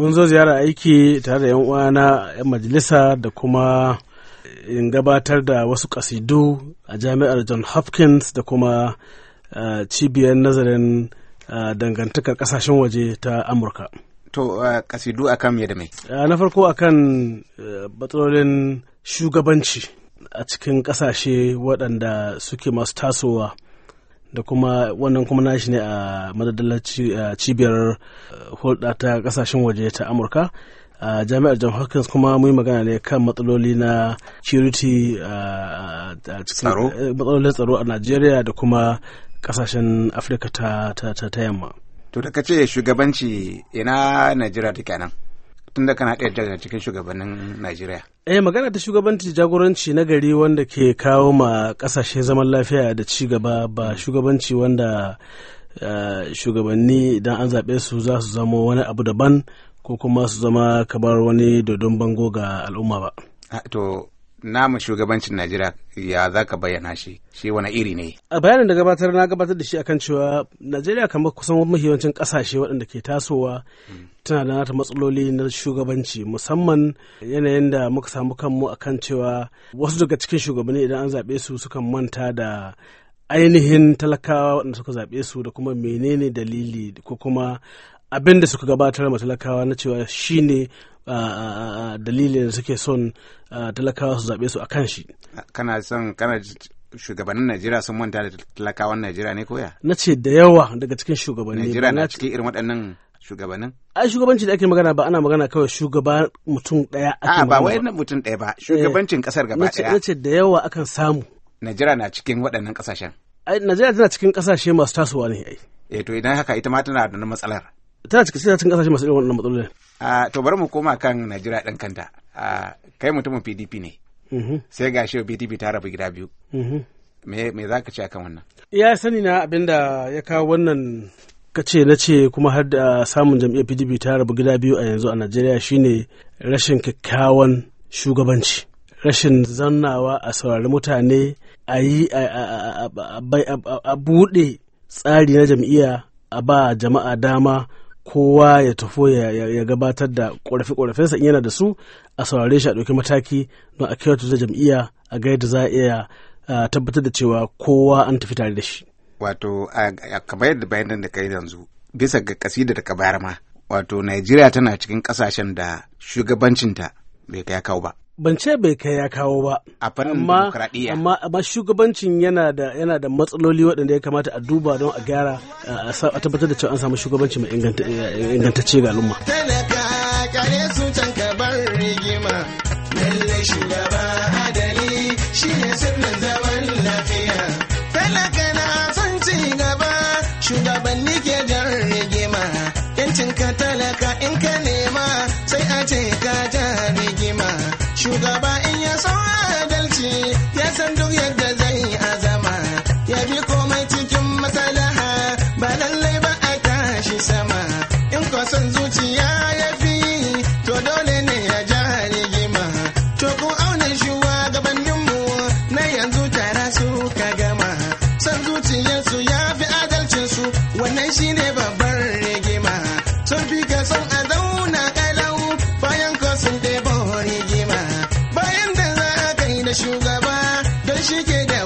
mun zo ziyara aiki tare da 'yan uwana 'yan majalisa da kuma eh, in gabatar da wasu kasidu a jami'ar john hopkins da kuma eh, cibiyar nazarin eh, dangantakar kasashen waje ta amurka to kasidu a kan da mai na farko a kan matsalolin shugabanci a cikin kasashe waɗanda suke masu tasowa da kuma wannan kuma nashi ne a madadalar cibiyar eh, hulɗa ta ƙasashen waje ta amurka a jami'ar john hawkins kuma mun magana ne kan matsaloli na security eh, a cikin eh, matsalolin tsaro a najeriya da kuma ƙasashen afirka ta yamma to da ka ce shugabanci ina najeriya take nan tun da kana ɗaya daga cikin shugabannin Najeriya. Eh magana ta shugabanci jagoranci na gari wanda ke kawo ma kasashe zaman lafiya da ci gaba ba shugabanci wanda eh, shugabanni idan an zaɓe su za su zama wani abu daban ko kuma su zama kamar wani dodon bango ga al'umma ba. To namu shugabancin Najeriya ya za ka bayyana shi shi wani iri ne. A bayanin da gabatar na gabatar da shi akan cewa Najeriya kamar kusan mahiyancin kasashe waɗanda ke tasowa hmm. tana da nata matsaloli na shugabanci musamman yanayin da muka samu kanmu a kan cewa wasu daga cikin shugabanni idan an zaɓe su sukan manta da ainihin talakawa waɗanda suka zaɓe su da kuma menene dalili ko kuma abin da suka gabatar ma talakawa na cewa shi ne dalilin da suke son talakawa su zaɓe su a kan shi. Kana son kana shugabannin Najeriya sun manta da talakawan Najeriya ne koya? Na ce da yawa daga cikin shugabanni. Najeriya na cikin irin waɗannan shugabannin? A shugabancin da ake magana ba ana magana kawai shugaba mutum ɗaya. A ba wai na mutum ɗaya ba shugabancin eh, ƙasar gaba ɗaya. Nace da yawa akan samu. Najeriya na cikin waɗannan ƙasashen. Ai Najeriya tana cikin ƙasashe masu tasowa ne ai. Eh to idan haka ita ma tana da matsalar. Tana cikin cikin ƙasashe masu irin wannan matsalolin. A to bari mu koma kan Najeriya ɗan kanta. A kai mutumin PDP ne. Mm-hmm. Sai ga shi PDP ta rabu gida biyu. Mm-hmm. Me me za ka ce akan wannan? Ya sani na abinda ya kawo wannan ce na ce kuma har da samun jam'iyyar pdp ta rabu gida biyu a yanzu a najeriya shine rashin kyakkyawan shugabanci rashin zannawa a saurari mutane a yi a buɗe tsari na jam'iyya a ba jama'a dama kowa ya tafo ya gabatar da ƙorafe-ƙorafensa in yana da su a saurare shi a ɗauki mataki don a kyautu da jam'iyya a ga yadda za a iya tabbatar da cewa kowa an tafi tare da shi wato kamar yadda bayanan da kai yanzu bisa ga kasida da ka bayar ma wato Najeriya tana cikin kasashen da shugabancinta bai kai kawo ba. Ban ce bai kai ya kawo ba. A fannin demokradiyya. Amma, amma shugabancin yana da yana da matsaloli waɗanda ya kamata a duba don a gyara a tabbatar da cewa an samu shugabanci mai eh, ingantacce ga al'umma. nike jan rigima yancin ka talaka in ka nema sai a ce ka ja rigima shugaba in ya so adalci ya san duk yadda zai azama ya bi komai cikin masalaha ba lallai ba a tashi sama in kwasan zuwa rigima ka a zauna rigima bayan shugaba don shi ke da